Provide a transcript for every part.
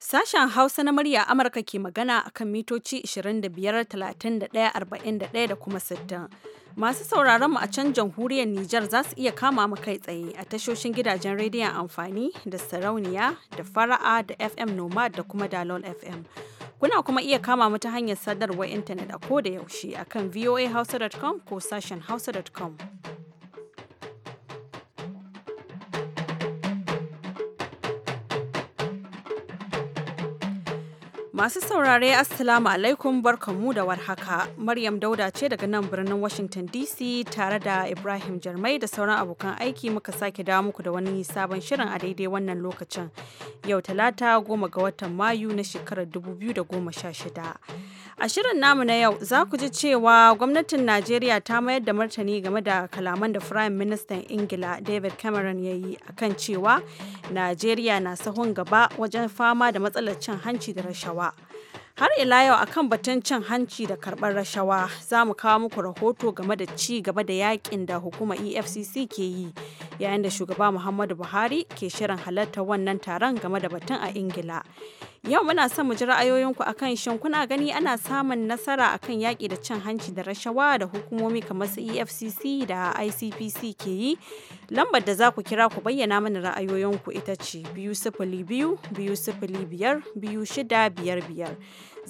Sashen Hausa na murya Amurka ke magana a kan mitoci 25, 31, 41 da kuma 60. Masu sauraron mu a can jamhuriyar Nijar za su iya kama mu kai tsaye a tashoshin gidajen rediyon amfani da sarauniya da fara'a da FM Nomad da kuma Dalol FM. Kuna kuma iya kama mu ta hanyar sadarwar intanet a ko da yaushe akan voahausa.com ko sashen hausa.com. Masu saurare Assalamu alaikum barkanmu da warhaka. Maryam Dauda ce daga nan birnin Washington DC tare da Ibrahim Jarmai da sauran abokan aiki muka sake dawo muku da wani sabon shirin a daidai wannan lokacin. Yau talata goma ga watan Mayu na shekarar 2016. A shirin namu na yau za ku ji cewa gwamnatin Najeriya ta mayar da martani game da kalaman da Firayim Ministan Ingila David Cameron ya yi kan cewa Najeriya na sahun gaba wajen fama da matsalar cin hanci da rashawa. har ila yau akan batun cin hanci da karɓar rashawa za mu kawo muku rahoto game da ci gaba da yakin da hukumar efcc ke yi yayin da shugaba muhammadu buhari ke shirin halartar wannan taron game da batun a ingila yau muna son mu ji ra'ayoyinku akan shin kuna gani ana samun nasara akan yaƙi da cin hanci da rashawa da hukumomi kamar su efcc da icpc ke yi lambar da za ku kira ku bayyana mana ra'ayoyinku ita ce biyu sifili biyu biyu sifili biyar biyu shida biyar biyar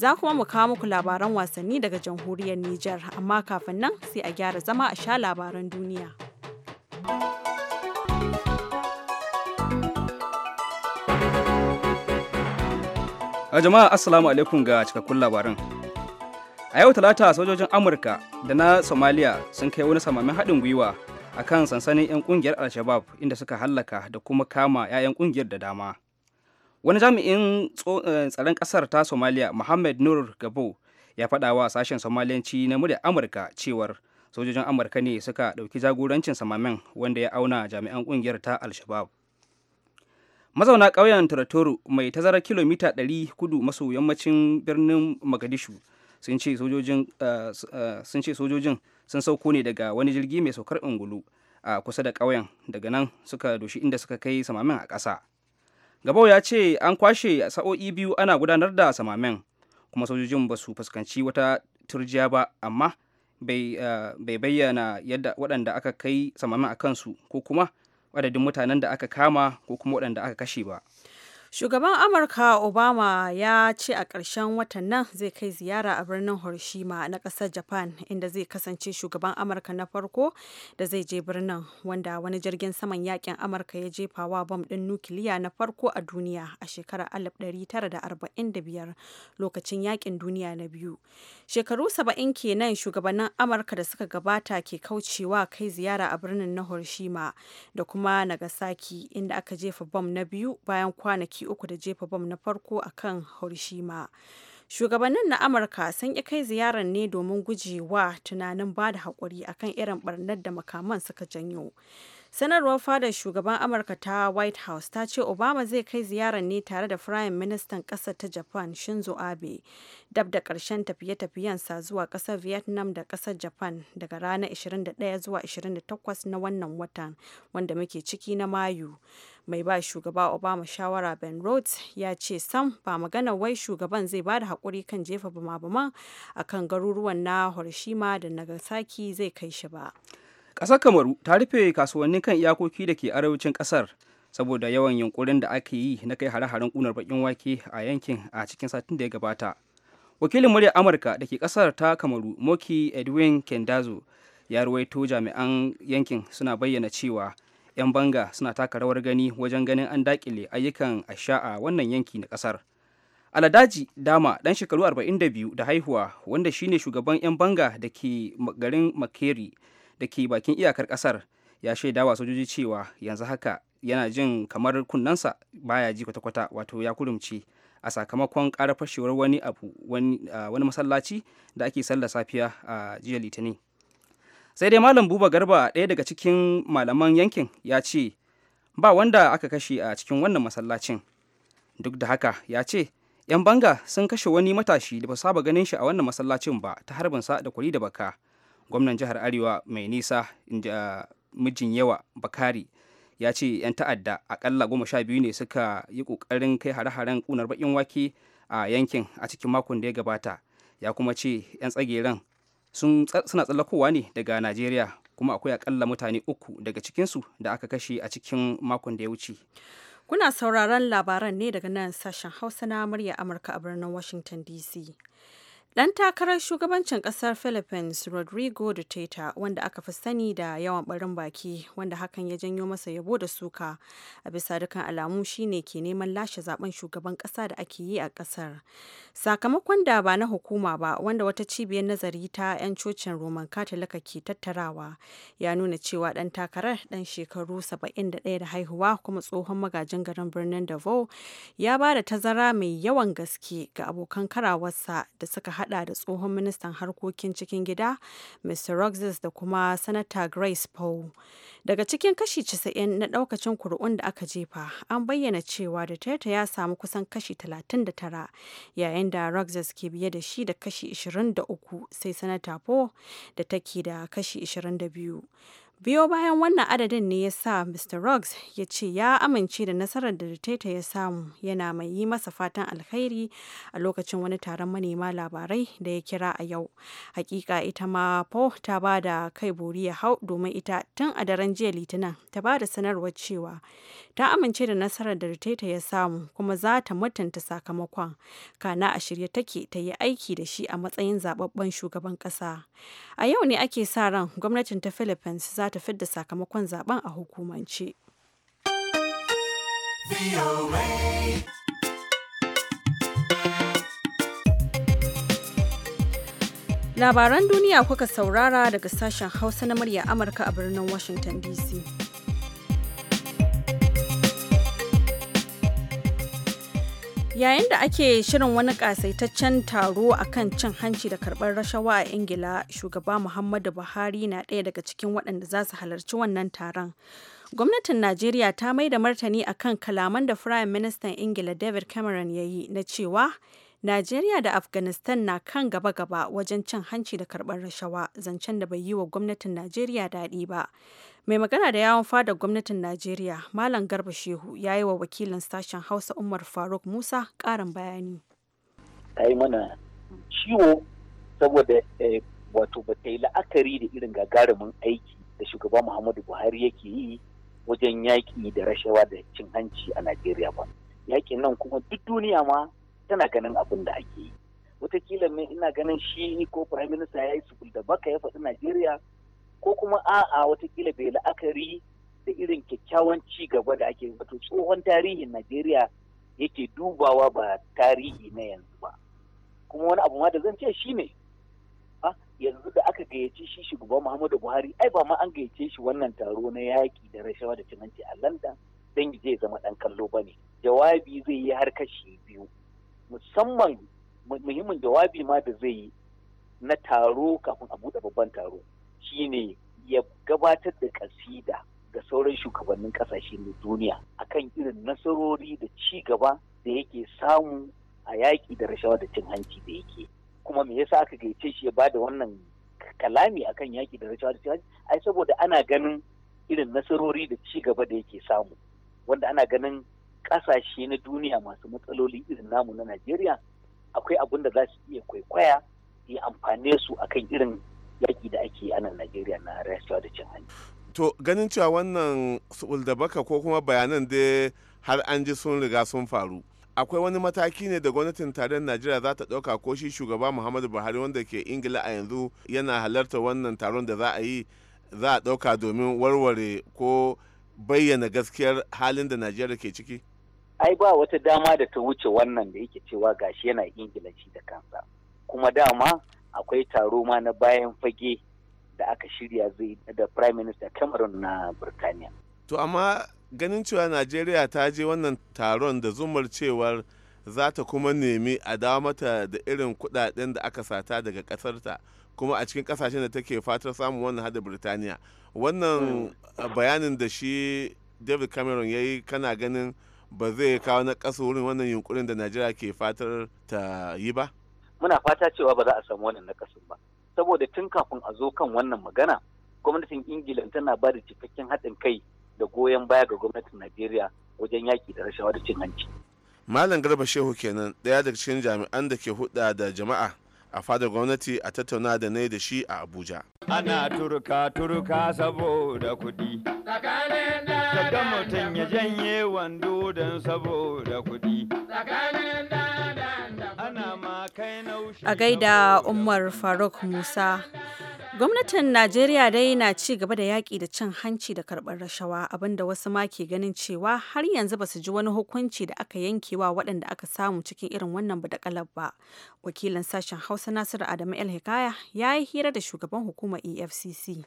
za kuma mu kawo muku labaran wasanni daga jamhuriyar Nijar, amma kafin nan sai a gyara zama a sha labaran duniya. A jama'a Assalamu alaikum ga cikakkun labaran. A yau talata sojojin Amurka da na Somalia sun kai wani samamin haɗin gwiwa a kan sansanin 'yan ƙungiyar Al-Shabaab inda suka hallaka da kuma kama 'ya'yan ƙungiyar da dama. wani jami'in eh, tsaron kasar ta somaliya muhammad nur gabo ya faɗa wa sashen somaliyanci na murya amurka cewar sojojin amurka ne suka ɗauki jagorancin samamen wanda ya auna jami'an ƙungiyar ta al-shabab mazauna ƙauyen taratoru mai tazarar kilomita 100 kudu maso yammacin birnin magadishu eh, eh, sun ce sojojin sun sauko ne daga wani jirgi mai saukar ungulu a kusa da ƙauyen daga nan suka doshi inda suka kai samamin a ƙasa Gabau ya ce an kwashe sa'o'i biyu ana gudanar da samamen kuma sojojin ba su fuskanci wata turjiya ba amma eh, bai bayyana yadda waɗanda aka kai samamen a kansu ko kuma adadin mutanen da aka kama ko kuma waɗanda aka kashe ba. Shugaban Amurka Obama ya ce a ƙarshen watan nan zai kai ziyara a birnin Hiroshima na ƙasar Japan inda zai kasance shugaban Amurka na farko da zai je birnin wanda wani jirgin saman yakin Amurka ya jefa wa bom ɗin nukiliya na farko a duniya a shekarar 1945 lokacin yakin duniya na biyu. Shekaru 70 kenan shugabannin Amurka da suka gabata ke kaucewa kai ziyara a birnin na Hiroshima da kuma Nagasaki inda aka jefa bom na biyu bayan kwanaki kwanaki uku da jefa bom na farko a kan Hiroshima. Shugabannin na Amurka sun ƙi kai ziyarar ne domin guje wa tunanin ba da haƙuri akan irin ɓarnar da makaman suka janyo. sanarwar fadar shugaban amurka ta white house ta ce obama zai kai ziyarar ne tare da firayim ministan kasar ta japan shinzo abe dab da karshen tafiye-tafiyen sa zuwa kasar vietnam da kasar japan daga ranar 21 zuwa 28 na wannan watan wanda muke ciki na mayu mai ba shugaba obama shawara ben rhodes ya ce sam ba magana wai shugaban zai ba da haƙuri kan jefa bama-baman akan garuruwan na hiroshima da nagasaki zai kai shi ba ƙasar kamaru ta rufe kasuwannin kan iyakoki da ke arewacin ƙasar saboda yawan yunkurin da ake yi na kai hare-haren ƙunar bakin wake a yankin a cikin satin da ya gabata wakilin murya amurka da ke ƙasar ta kamaru moki edwin kendazo ya ruwaito jami'an yankin suna bayyana cewa 'yan banga suna taka rawar gani wajen ganin an dakile ayyukan asha a wannan yanki na ƙasar aladaji dama dan shekaru 42 da haihuwa wanda shine shugaban 'yan banga da ke garin makeri da ke bakin iyakar kasar ya shaida wa sojoji cewa yanzu haka yana jin kamar kunnensa baya ji kwata-kwata wato ya kurumce a sakamakon ƙara fashewar wani abu wani masallaci da ake sallar safiya a jiya litinin sai dai malam buba garba ɗaya daga cikin malaman yankin ya ce ba wanda aka kashe a cikin wannan masallacin duk da haka ya ce 'yan banga sun kashe wani matashi da ba saba ganin shi a wannan masallacin ba ta harbin sa da kwari da baka gwamnan jihar arewa mai nisa ah, mijin yawa bakari ya ce 'yan ta'adda akalla goma sha biyu ne suka yi kokarin kai hare-haren kunar bakin wake a yankin a cikin makon da ya gabata ya kuma ce 'yan tsageren suna tsallakowa ne daga najeriya kuma akwai akalla mutane uku daga cikinsu da aka kashe a cikin makon da ya wuce kuna sauraron labaran ne daga nan sashen hausa na murya amurka a birnin washington dc Dan takarar shugabancin kasar Philippines Rodrigo Duterte wanda aka fi sani da yawan barin baki wanda hakan ya janyo masa yabo da suka a bisa dukkan alamu shine ke neman lashe zaben shugaban kasa da ake yi a kasar. Sakamakon da ba na hukuma ba wanda wata cibiyar nazari ta 'yan cocin Roman Katolika ke tattarawa ya nuna cewa dan takarar dan shekaru 71 da haihuwa kuma tsohon magajin garin birnin Davao ya ba da tazara mai yawan gaske ga abokan karawarsa da suka hada da tsohon ministan harkokin cikin gida Mr. Roxas da kuma Sanata Grace Poe. Daga cikin kashi 90 na daukacin kuri'un da aka jefa, an bayyana cewa da Duterte ya samu kusan kashi 39 yayin da Roxas ke biye da shi da kashi 23 sai Sanata Poe da take da kashi 22. Biyo bayan wannan adadin ne ya sa Mr. Rogers ya ce ya amince da nasarar da Duterte ya samu yana mai yi masa fatan alkhairi a lokacin wani taron manema labarai da ya kira a yau. Hakika ita ma Paul ta ba da kai buri ya hau domin ita tun a daren jiya Litinin ta ba da sanarwar cewa ta amince da nasarar da Duterte ya samu kuma za ta mutunta sakamakon kana a shirye take ta yi aiki da shi a matsayin zababben shugaban kasa. A yau ne ake sa ran gwamnatin ta Philippines za ta fidda sakamakon zaben a hukumance. Labaran duniya kuka saurara daga sashen Hausa na murya Amurka a birnin Washington DC. yayin da ake shirin wani kasaitaccen taro a kan cin hanci da karɓar rashawa a ingila shugaba muhammadu buhari na ɗaya daga cikin waɗanda za su halarci wannan taron gwamnatin najeriya ta mai da martani akan kalaman da firayim ministan ingila david cameron ya yi na cewa Najeriya da Afghanistan na kan gaba-gaba wajen cin hanci da karɓar rashawa zancen da bai yi wa gwamnatin Najeriya daɗi ba. Mai magana da yawon fadar gwamnatin Najeriya, Malam Garba Shehu, ya yi wa wakilin sashen Hausa Umar Faruk Musa ƙarin bayani. Ta yi mana ciwo saboda eh, wato ba ta yi la'akari da irin gagarumin aiki da shugaba Muhammadu Buhari yake yi wajen yaƙi da rashawa da cin hanci a Najeriya ba. Yaƙin nan kuma duk duniya ma tana ganin abin da ake yi watakila mai ina ganin shi ko prime minister ya yi su da baka ya faɗi najeriya ko kuma a'a Wataƙila bai la'akari da irin kyakkyawan ci gaba da ake wato tsohon tarihin najeriya yake dubawa ba tarihi na yanzu ba kuma wani abu ma da zan ce shi ne yanzu da aka gayyace shi shugaba muhammadu buhari ai ba ma an gayyace shi wannan taro na yaki da rashawa da cinanci a london don zai zama ɗan kallo ba ne jawabi zai yi har kashi biyu musamman muhimmin jawabi ma da zai yi na taro kafin a buɗe babban taro shine ya gabatar da ƙasida ga sauran shugabannin kasashe na duniya akan irin nasarori da ci gaba da yake samu a yaƙi da rashawa da cin hanci da yake kuma me yasa aka gaice shi ya bada wannan kalami akan yaƙi da rashawa da cin hanci ai saboda ana ganin irin nasarori da ci gaba da yake samu wanda ana ganin kasashe na duniya masu matsaloli irin namu na Najeriya akwai abin da za su iya kwaikwaya yi amfane su akan irin yaƙi da ake a nan Najeriya na rasuwa da cin hanci. To ganin cewa wannan sul da baka ko kuma bayanan da har an ji sun riga sun faru. Akwai wani mataki ne da gwamnatin tarayyar Najeriya za ta ɗauka ko shi shugaba Muhammadu Buhari wanda ke Ingila a yanzu yana halarta wannan taron da za a yi za a ɗauka domin warware ko bayyana gaskiyar halin da Najeriya ke ciki? ai ba wata dama da ta wuce wannan da yake cewa gashi yana ingila da kansa kuma dama akwai taro ma na bayan fage da aka shirya zai da prime minister cameron na birtaniya to amma ganin cewa najeriya ta je wannan taron da zumar cewar za ta kuma nemi a dawo mata da irin kudaden da aka sata daga kasarta kuma a cikin kasashen da take fatar samun wannan hada birtaniya wannan hmm. bayanin da shi david cameron ya yi kana ganin ba zai kawo na ƙasa wurin wannan yunkurin da najeriya ke fatar ta yi ba muna fata cewa ba za a samu wannan na ba saboda tun kafin a zo kan wannan magana gwamnatin ingila tana ba da cikakken haɗin kai da goyon baya ga gwamnatin najeriya wajen yaƙi da rashawa da cin hanci malam garba shehu kenan ɗaya daga cikin jami'an da ke huɗa da jama'a a fadar gwamnati a tattauna da na da shi a abuja ana turka turka saboda kuɗi tsakanin da mutum ya janye wando don saboda kudi. A gaida Umar Faruk Musa. Gwamnatin Najeriya dai na ci gaba da yaƙi da cin hanci da karɓar rashawa abinda wasu ma ke ganin cewa har yanzu ba su ji wani hukunci da aka yankewa waɗanda aka samu cikin irin wannan badakalar ba. Wakilin sashen Hausa Nasiru Adamu El Hikaya ya yi hira da shugaban hukumar EFCC.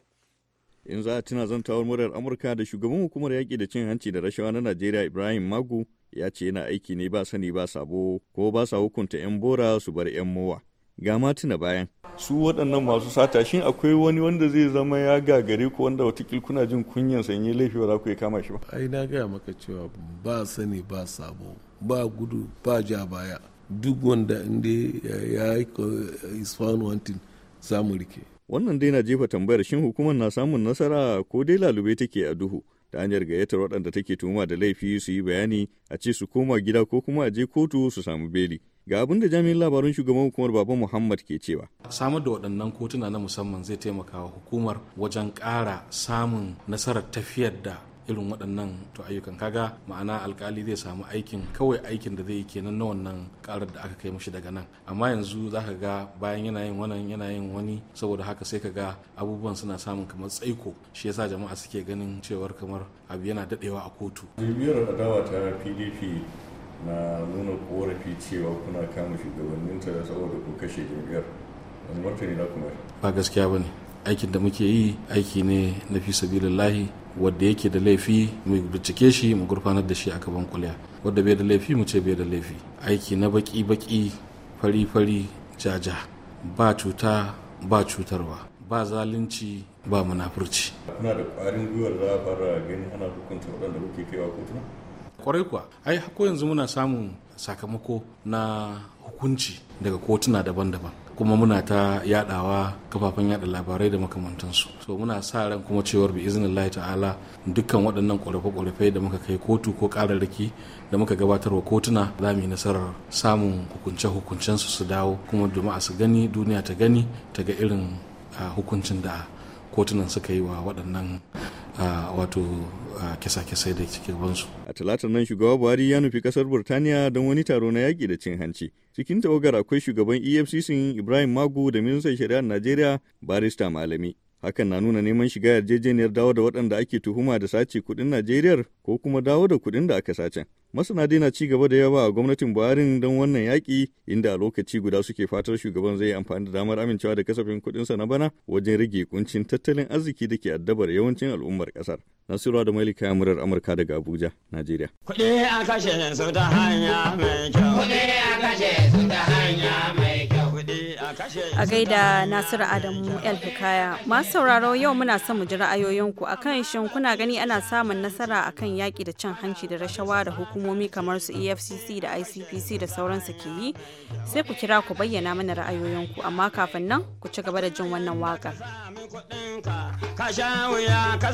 in za a tuna zantawar murar amurka da shugaban hukumar yaƙi da cin hanci da rashawa na najeriya ibrahim magu ya ce yana aiki ne ba sani ba sabo ko ba sa hukunta 'yan bora su bar 'yan mowa ga ma bayan su waɗannan masu sata shin akwai wani wanda zai zama ya gagare ko wanda watakil kuna jin kunyan sanye laifi ba za ku kama shi ba ai na gaya maka cewa ba sani ba sabo ba gudu ba ja baya duk wanda inda ya yi is found za mu rike Wannan dai na jefa tambayar shin hukumar na samun nasara ko dai lalube take a duhu ta hanyar gayyatar waɗanda take tuhuma da laifi su yi bayani a ce su koma gida ko kuma a je kotu su samu beli. Ga abin da jami'in labarun shugaban hukumar Baba Muhammad ke cewa. Samar da waɗannan kotuna na musamman zai taimaka wa hukumar wajen ƙara samun nasarar tafiyar da irin waɗannan to ayyukan kaga ma'ana alkali zai samu aikin kawai aikin da zai yi kenan na wannan karar da aka kai mashi daga nan amma yanzu za ka ga bayan yana yin wannan yana yin wani saboda haka sai ka ga abubuwan suna samun kamar tsaiko shi yasa jama'a suke ganin cewar kamar abu yana daɗewa a kotu. Jami'ar adawa ta PDP na nuna korafi cewa kuna kama shugabanninta saboda ku kashe jami'ar. Wani martani na kuma. Ba gaskiya ba ne. aikin da muke yi aiki ne na fi sabilillahi wadda yake da laifi mu bincike shi mu gurfanar da shi a gaban kuliya wadda bai da laifi mu ce bai da laifi aiki na baki baki fari fari jaja ba cuta ba cutarwa ba zalunci ba munafurci kuna da ƙwarin gwiwar za a fara gani ana hukunta waɗanda kuke kaiwa kotuna kwarai kuwa ai ko yanzu muna samun sakamako na hukunci daga kotuna daban-daban kuma muna ta yadawa kafafen yada labarai da makamantansu so muna sa ran kuma cewar bi iznillahi ta'ala dukkan waɗannan ƙorafe-ƙorafe da muka kai kotu ko ƙararraki da muka gabatarwa kotuna za mu yi nasarar samun hukunce-hukuncen su su dawo kuma jama'a su gani duniya ta gani ta ga irin ah, hukuncin da kotunan suka yi wa waɗannan wato kisa da cikin wansu. A talatar nan shugaba Buhari ya nufi kasar Burtaniya don wani taro na yaƙi da cin hanci. Cikin tawagar akwai shugaban EFCC Ibrahim Magu da ministan shari'ar Najeriya Barista Malami. Hakan na nuna neman shiga yarjejeniyar dawo da waɗanda ake tuhuma da sace kuɗin Najeriyar ko kuma dawo da kuɗin da aka sace. Masana na ci gaba da yawa a gwamnatin Buharin don wannan yaƙi inda a lokaci guda suke fatar shugaban zai amfani da damar amincewa da kasafin kuɗinsa na bana wajen rage kuncin tattalin arziki da ke addabar yawancin al'ummar ƙasar. Nasiru da Malika murar Amurka daga Abuja, Najeriya. Kuɗi a kashe su ta hanya mai kyau. Kuɗi a kashe su ta hanya mai a gaida Nasiru Adamu El Hikaya. Masu sauraro yau muna son mu ji ra'ayoyinku akan shin kuna gani ana samun nasara a kan yaƙi da cin hanci da rashawa da hukumomi kamar su EFCC da ICPC da sauransu ke yi. Sai ku kira ku bayyana mana ra'ayoyinku amma kafin nan ku ci gaba da jin wannan waka Ka sha wuya ka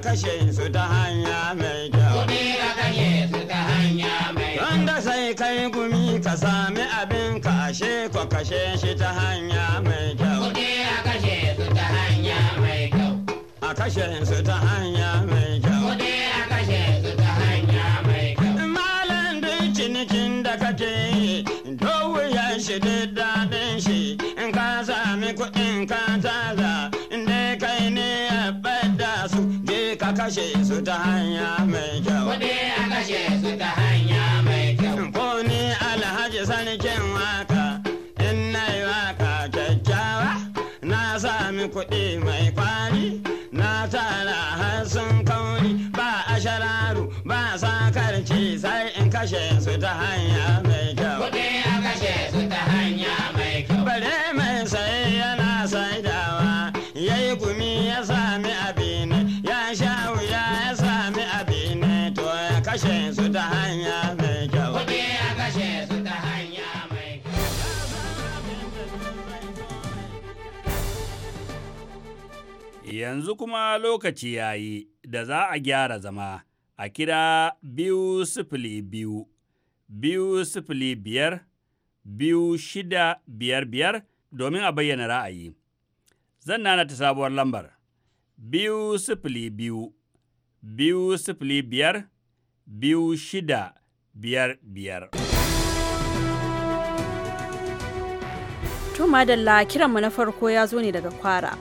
kashe su ta hanya sai kai ka sami abin ka kashe ko kashe shi ta hanya mai kyau. Kuɗi a kashe su ta hanya mai kyau. A kashe su ta hanya mai kyau. Kuɗi a kashe su ta hanya mai kyau. Malam duk cinikin da kake ya shi duk daɗin shi in ka sami kuɗin ka zaza inda kai ne ya bada su je ka kashe su ta hanya mai kyau. Kuɗi a kashe su ta hanya dutse mai kwari na tara har sun kauri ba a shararu ba sakarci sai in kashe su ta hanya mai Yanzu kuma lokaci ya yi da za a gyara zama a kira biyu sifili biyu, biyu sifili biyar, biyu shida biyar biyar domin a bayyana ra'ayi. Zan nana ta sabuwar lambar biyu sifili biyu, biyu sifili biyar, biyu shida biyar biyar. To madalla kiranmu na farko ya zo ne daga kwara.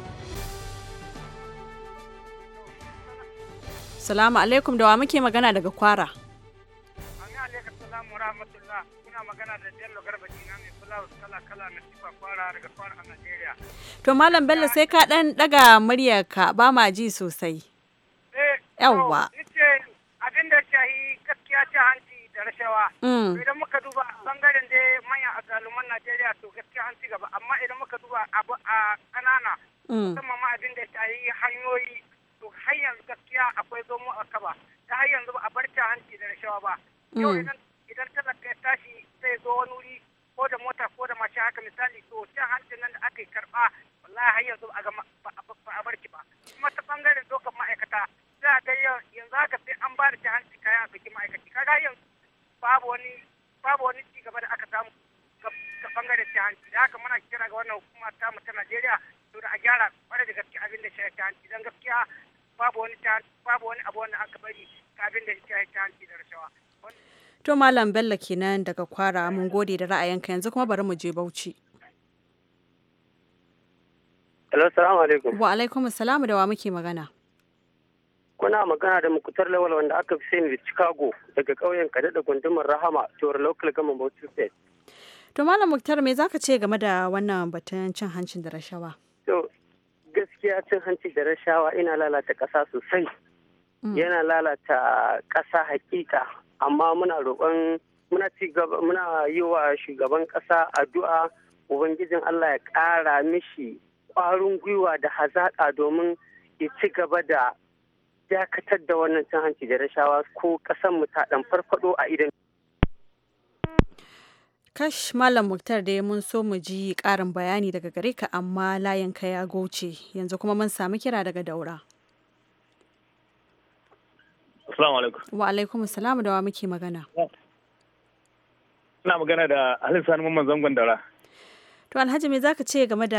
Salamu alaikum da wa muke magana daga kwara. Ani alaikum salamu rahmatullah kuna magana da Bello Garba mai fulawus kala kala sifa kwara daga kwara a Najeriya. To Malam Bello sai ka dan daga muryarka ba ma ji sosai. Eh, Yawwa. Nice abin da yi gaskiya ta hanci da rashawa. Mm. Idan muka duba bangaren da manyan azaluman Najeriya to gaskiya an ci gaba amma idan muka duba abu a ƙanana. Mm. Musamman ma abin da yi hanyoyi har yanzu gaskiya akwai zomo a kaba ta har yanzu ba a bar ta hanci da rashawa ba mm. yau idan idan ta zaka tashi sai zo wani wuri ko da mota ko da mace haka misali to ta hanci nan da aka yi karba wallahi har yanzu a ba a bar ki ba kuma ta bangaren dokan ma'aikata za a ga yanzu haka sai an ba da hanci kayan a bikin ma'aikaci kaga yanzu babu wani babu wani ci gaba da aka samu ta bangaren ta hanci da haka muna kira ga wannan hukuma ta mu ta Najeriya to da a gyara kwarai da gaske abin da shi hanci dan gaskiya babu wani babu wani abu wanda aka bari kafin da ta ta hanci da rashawa to malam bello kenan daga kwara mun gode da ra'ayinka yanzu kuma bari mu je bauchi Hello, salamu alaikum. Wa alaikum salamu da wa muke magana. Kuna magana da mukutar lawal wanda aka fi sani da Chicago daga ƙauyen Kade da gundumar Rahama, Jihar Local Government Bauchi State. To Malam Muktar me zaka ce game da wannan batun cin hancin da rashawa? To gaskiya cin hanci da rashawa ina lalata ƙasa sosai mm. yana lalata ƙasa hakika amma muna roƙon muna muna yi wa shugaban ƙasa addu'a ubangijin Allah ya ƙara mishi ƙwarin gwiwa da hazaƙa domin ya ci gaba da dakatar da wannan cin hanci da rashawa ko ƙasar mu ta ɗan farfaɗo a idan Kash Malam Muktar da mun so mu ji ƙarin bayani daga gare ka amma layinka ya goce yanzu kuma mun sami kira daga daura. Wa alaikum salam da wa muke magana. Ina magana da Alhaji Sani Mamman Zangon Daura. To Alhaji me zaka ce game da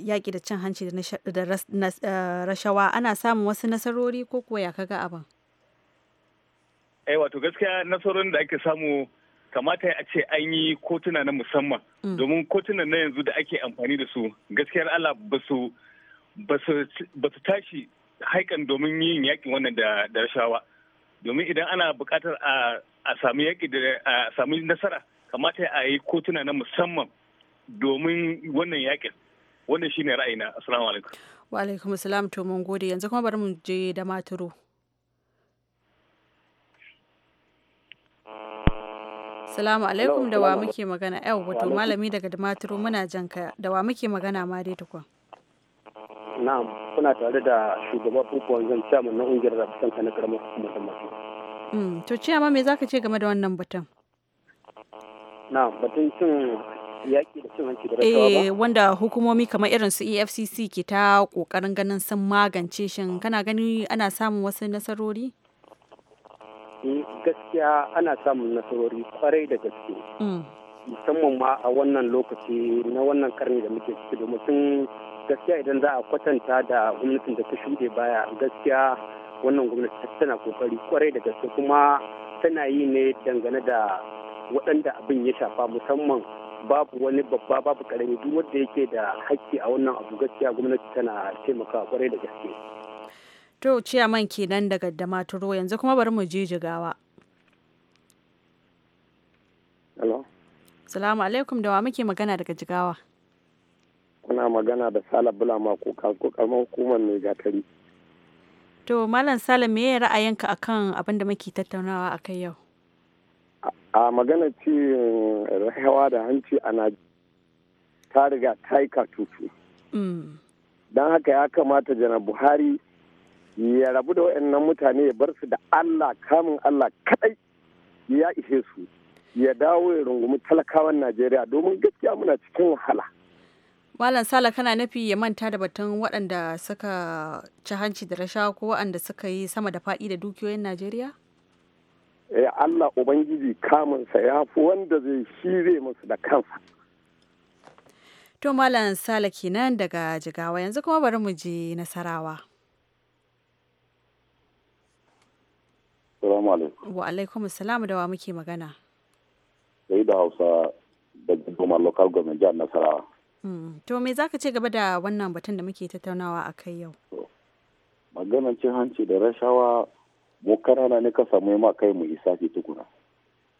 yaƙi da cin hanci da eh, rashawa ana samun wasu nasarori ko kuwa ya kaga abin? Eh wato gaskiya nasarorin da ake samu kamata a ce an yi kotuna na musamman mm. domin kotunan na yanzu da ake amfani da su gaskiyar Allah ba su tashi haikan domin yin yakin wannan da rashawa domin idan ana bukatar a sami yaƙi da a sami nasara kamata a yi kotuna na musamman domin wannan yakin wannan shine ra'ayina assalamu alaikum wa alaikum assalam to mun gode yanzu kuma bari mu je da maturu Salamu alaikum da wa muke magana. Yau wato malami daga Damaturu muna jan ka da wa muke magana ma dai tukun. Na'am, kuna tare da shugaba kukuwan zan chairman na ungiyar Rafisanta na karamar hukumar Damaturu. Mm, to ciyama me zaka ce game da wannan batun? Na'am, batun cin yaƙi da cin hanci da rashawa ba. Eh, wanda hukumomi kamar irin su EFCC ke ta ƙoƙarin ganin sun magance shin kana gani ana samun wasu nasarori? gaskiya ana samun nasarori kwarai da gaske mm. musamman ma a wannan lokaci na wannan karni da muke ciki da mutum gaskiya idan za a kwatanta da gwamnatin da ta shuɗe baya gaskiya wannan gwamnati tana kokari kwarai da gaske kuma tana yi ne dangane da waɗanda abin ya shafa musamman babu wani babba babu karami duk wanda yake da hakki a wannan abu gaskiya gwamnati tana taimakawa kwarai da gaske To ciyaman kenan daga damaturo yanzu kuma bari mu je jigawa. Hello. Salamu alaikum da wa muke magana daga jigawa. Kuna magana da Sala Bulama ko karamar hukumar mai gatari. To Malam Sala me ra'ayinka akan abin da muke tattaunawa a kai yau? A magana ce rahawa eh, da hanci a najeriya ta riga ta yi katutu. Mm. Don haka ya kamata janar Buhari ya rabu da waɗannan mutane ya bar su da Allah kamun Allah kaɗai ya ishe su ya dawo ya rungumi talakawan Najeriya domin gaskiya muna cikin wahala. Malam Sala kana nafi ya manta da batun waɗanda suka ci hanci da rashawa ko waɗanda suka yi sama da faɗi da dukiyoyin Najeriya? Eh Allah Ubangiji kamunsa ya fi wanda zai shire musu da kansa. To Malam Sala kenan daga Jigawa yanzu kuma bari mu je Nasarawa. Assalamu alaikum. Wa alaikum assalam da wa muke magana. Sai da Hausa da Goma Local Government Jihar Nasarawa. Mm, to me za ka ce gaba da wannan batun da muke tattaunawa a kai yau? Maganar cin hanci da rashawa mu kanana ne ka samu ma kai mu hisafi tukuna.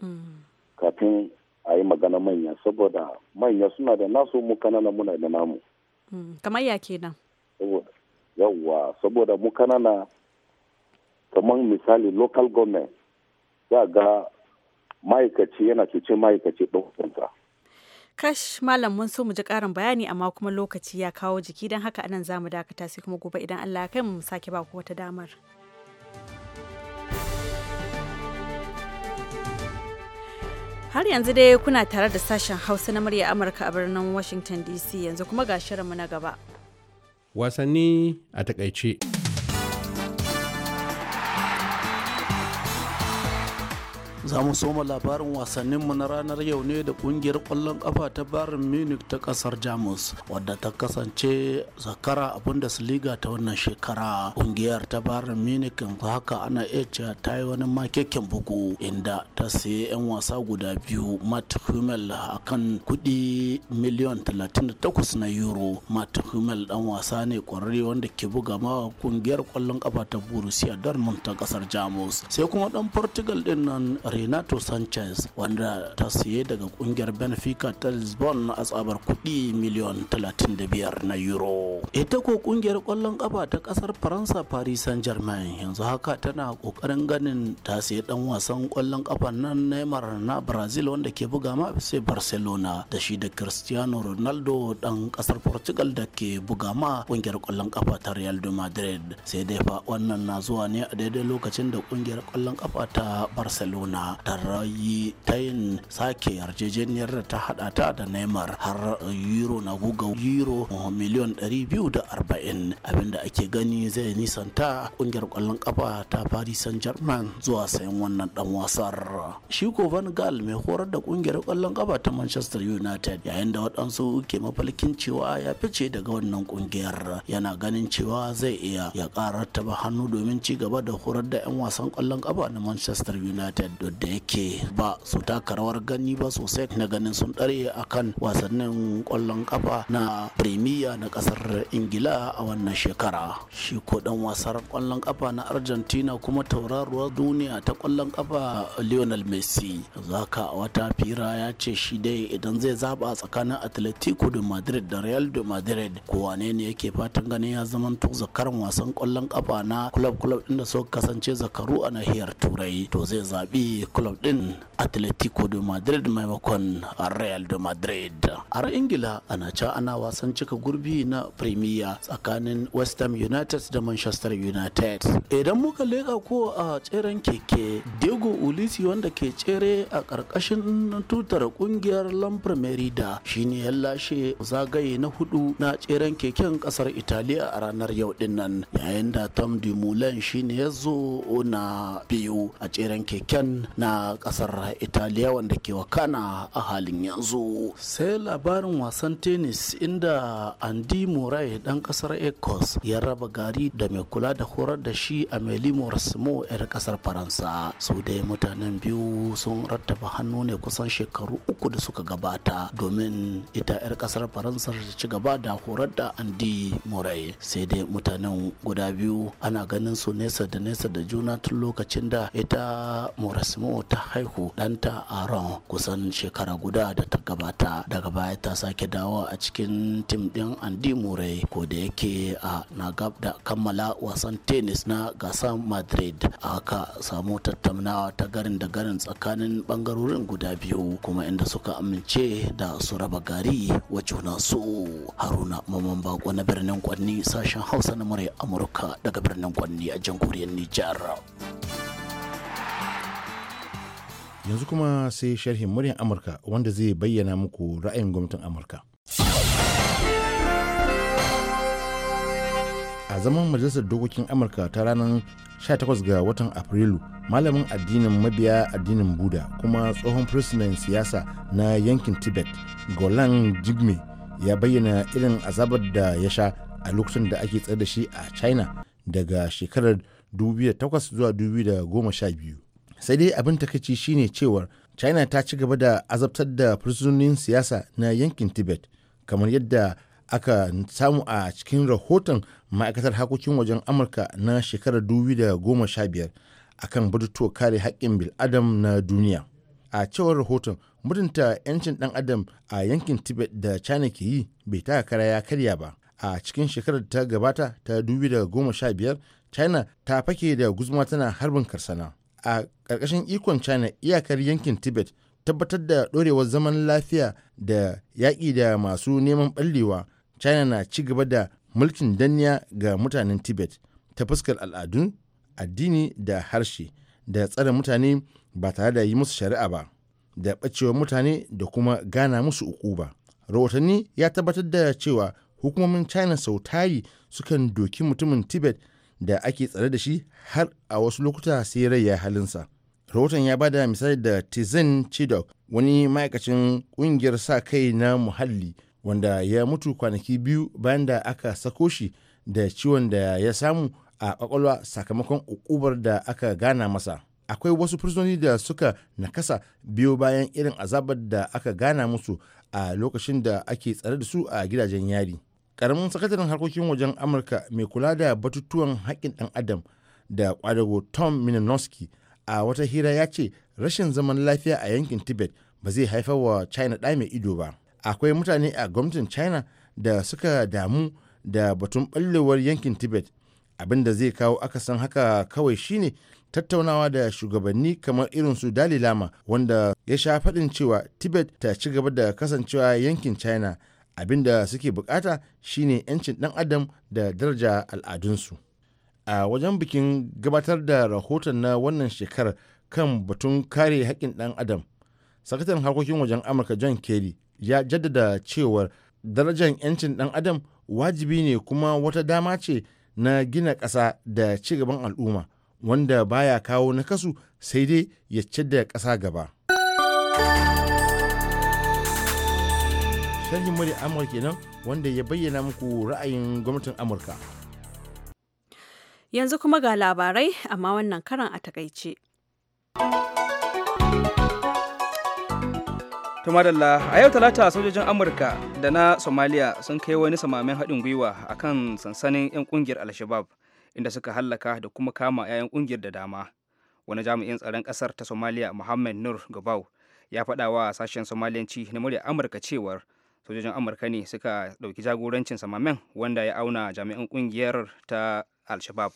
Mm. Kafin a yi magana manya saboda manya suna da nasu mu kanana muna da namu. Mm, kamar ya kenan. Yawwa saboda mu kanana kamar misali local government za ga ma'aikaci yana cuce ma'aikaci ɗaukansa. kash malam mun so mu ji ƙarin bayani amma kuma lokaci ya kawo jiki don haka anan za mu dakata sai kuma gobe idan allah ya kai mu sake ba ku wata damar. Har yanzu dai kuna tare da sashen Hausa na murya Amurka a birnin Washington DC yanzu kuma ga shirinmu na gaba. Wasanni a takaice. za mu soma labarin wasanninmu na ranar yau ne da kungiyar kwallon kafa ta barin munich ta kasar jamus wadda ta kasance zakara a bundesliga ta wannan shekara kungiyar ta barin munich yanzu haka ana iya cewa ta yi wani makekin bugu inda ta sayi 'yan wasa guda biyu matt hummel a kan kudi miliyan 38 na euro matt hummel dan wasa ne kwararre wanda ke buga ma kungiyar kwallon kafa ta borussia dortmund ta kasar jamus sai kuma dan portugal din nan renato sanchez wanda ta siye daga kungiyar benfica ta lisbon a tsabar kuɗi miliyon 35 na euro ita ko kungiyar kwallon kafa ta kasar faransa paris saint germain yanzu haka tana kokarin ganin ta siye dan wasan kwallon kafa na neymar na brazil wanda ke buga ma sai barcelona da shi da cristiano ronaldo dan kasar portugal da ke buga ma kungiyar kwallon kafa ta real madrid sai dai fa wannan na zuwa ne a daidai lokacin da kungiyar kwallon kafa ta barcelona tarayi ta yin sake yarjejeniyar da ta hada ta da neymar har euro na guga euro miliyan 240 abinda ake gani zai nisanta kungiyar kwallon kafa ta paris saint germain zuwa sayan wannan dan wasar shi ko van gaal mai horar da kungiyar kwallon kafa ta manchester united yayin da waɗansu ke mafalkin cewa ya fice daga wannan kungiyar yana ganin cewa zai iya ya ƙara taba hannu domin ci gaba da horar da 'yan wasan kwallon kafa na manchester united duk da yake ba su taka rawar gani ba sosai na ganin sun ɗare kan wasannin ƙwallon ƙafa na Premier na ƙasar Ingila a wannan shekara. Shi ko ɗan wasar ƙwallon ƙafa na Argentina kuma tauraruwar duniya ta ƙwallon ƙafa Lionel Messi. Zaka a wata fira ya ce shi dai idan zai zaba tsakanin Atletico de Madrid da Real de Madrid ko wane ne yake fatan ganin ya zama to zakaran wasan ƙwallon ƙafa na club club inda suka kasance zakaru a nahiyar Turai to zai zaɓi. club din atletico de madrid maimakon real de madrid har ingila ana ca ana wasan cika gurbi na premier tsakanin west ham united da manchester united idan muka leka ko a tseren keke diego ulisi wanda ke tsere a ƙarƙashin tutar kungiyar lambar merida shine ya lashe zagaye na hudu na tseren keken ƙasar italiya a ranar yau dinnan yayin da tom dumoulin shine ya zo na biyu a tseren keken na kasar italiya wanda ke wakana a halin yanzu sai labarin wasan tennis inda Andi murray dan kasar ecos ya raba gari da mai kula da horar da shi a meli morasimo yar kasar faransa su dai mutanen biyu sun rattaba hannu ne kusan shekaru uku da suka gabata domin ita yar kasar faransa ta ci gaba da horar da andy murray sai dai mutanen guda biyu ana ganin su nesa da nesa da juna tun lokacin da ita moras asmo ta haihu ɗanta ran kusan shekara guda da ta gabata daga baya ta sake dawo a cikin tim ɗin andi murai ko da yake a na gab da kammala wasan tennis na gasar madrid aka samu tattaunawa ta garin da garin tsakanin bangarorin guda biyu kuma inda suka amince da su raba gari wa juna su haruna maman bako na birnin kwanni sashen hausa na murai amurka daga birnin kwanni a jamhuriyar nijar yanzu kuma sai sharhin muryar amurka wanda zai bayyana muku ra'ayin gwamnatin amurka a zaman majalisar dokokin amurka ta ranar 18 ga watan afrilu malamin addinin mabiya addinin buda kuma tsohon firistinan siyasa na yankin tibet golan jigme ya bayyana irin azabar da ya sha a lokacin da ake tsar da shi a china daga shekarar 2008 zuwa 2012 sai dai abin takaici shine cewar china ta ci gaba da azabtar da fursunonin siyasa na yankin tibet kamar yadda aka samu a cikin rahoton ma'aikatar hakokin wajen amurka na shekarar 2015 akan batutuwa kare haƙƙin bil'adam na duniya a cewar rahoton mutunta 'yancin ɗan adam a yankin tibet da china ke yi bai taka kara ya karya ba a cikin shekarar ta gabata ta 2015 china ta fake da guzuma tana harbin karsana a ƙarƙashin ikon china iyakar yankin tibet tabbatar da ɗorewar zaman lafiya da yaƙi da masu neman ɓallewa china na ci gaba da mulkin danniya ga mutanen tibet ta fuskar al'adun addini da harshe da tsare mutane ba tare da yi musu shari'a ba da ɓacewa mutane da kuma gana musu uku ba. rahotanni ya tabbatar da cewa hukumomin china sau tari sukan doki mutumin tibet da ake tsare da shi har a wasu lokuta sai rai ya halinsa. Rahoton ya bada misali da Tizen Chidok wani ma'aikacin ƙungiyar sa kai na muhalli wanda ya mutu kwanaki biyu bayan da aka sako shi da ciwon da ya samu a kwakwalwa sakamakon ukubar da aka gana masa. Akwai wasu fursunoni da suka nakasa biyo bayan irin azabar da aka gana musu a lokacin da ake tsare da su a gidajen yari. karamin sakataren harkokin wajen amurka mai kula da batutuwan haƙƙin ɗan adam da ƙwadago tom minnowski a wata hira ya ce rashin zaman lafiya a yankin tibet ba zai haifar wa china ɗa mai ido ba akwai mutane a gwamnatin china da suka damu da batun ɓallewar yankin tibet abin da zai kawo akasin haka kawai shine tattaunawa da shugabanni kamar irin su dalilama wanda ya sha faɗin cewa tibet ta ci gaba da kasancewa yankin china abin da suke bukata shine 'yancin dan adam da daraja al'adunsu a wajen bikin gabatar da rahoton na wannan shekarar kan batun kare haƙƙin dan adam sakataren harkokin wajen amurka john kerry ya jaddada cewar darajar 'yancin dan adam wajibi ne kuma wata dama ce na gina ƙasa da ci gaban al'umma wanda baya kawo nakasu sai dai ya da ƙasa gaba. sharhin murya amurka kenan wanda ya bayyana muku ra'ayin gwamnatin amurka yanzu kuma ga labarai amma wannan karan a takaice tumadalla a yau talata sojojin amurka da na somaliya sun kai wani samamen haɗin gwiwa a kan sansanin 'yan ƙungiyar al inda suka hallaka da kuma kama 'ya'yan ƙungiyar da dama wani jami'in tsaron ƙasar ta somaliya muhammad nur gabau ya faɗa wa sashen somaliyanci na murya amurka cewar sojojin amurka ne suka dauki jagorancin samamen wanda ya auna jami'an kungiyar ta alshabab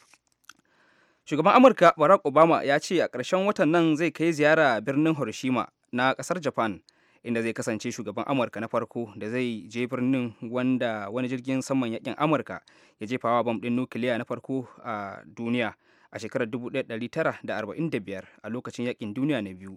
shugaban amurka barack obama ya ce a karshen watan nan zai kai ziyara birnin hiroshima na ƙasar japan inda zai kasance shugaban amurka na farko da zai je birnin wanda wani jirgin saman yakin amurka ya jefawa bam ɗin nukiliya na farko a duniya a shekarar 1945 a lokacin yakin duniya na biyu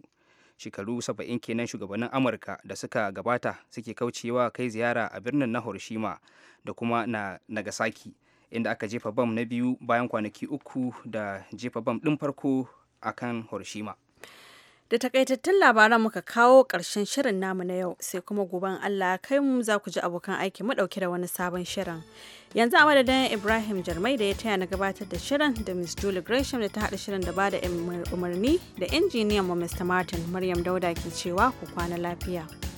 shekaru 70 kenan shugabannin amurka da suka gabata suke kaucewa kai ziyara a birnin na hiroshima da kuma na nagasaki inda aka jefa bam na biyu bayan kwanaki uku da jefa bam din farko akan hiroshima Da takaitattun labaran muka kawo ƙarshen shirin namu na yau sai kuma goben Allah kai mu za ku ji abokan aiki mu ɗauki da wani sabon shirin. Yanzu a madadin Ibrahim Jarmai da ya taya na gabatar da shirin da Miss Julie Gresham da ta haɗa shirin da ba da umarni da injiniyan mu Mr. Martin Maryam Dauda ke cewa ku kwana lafiya.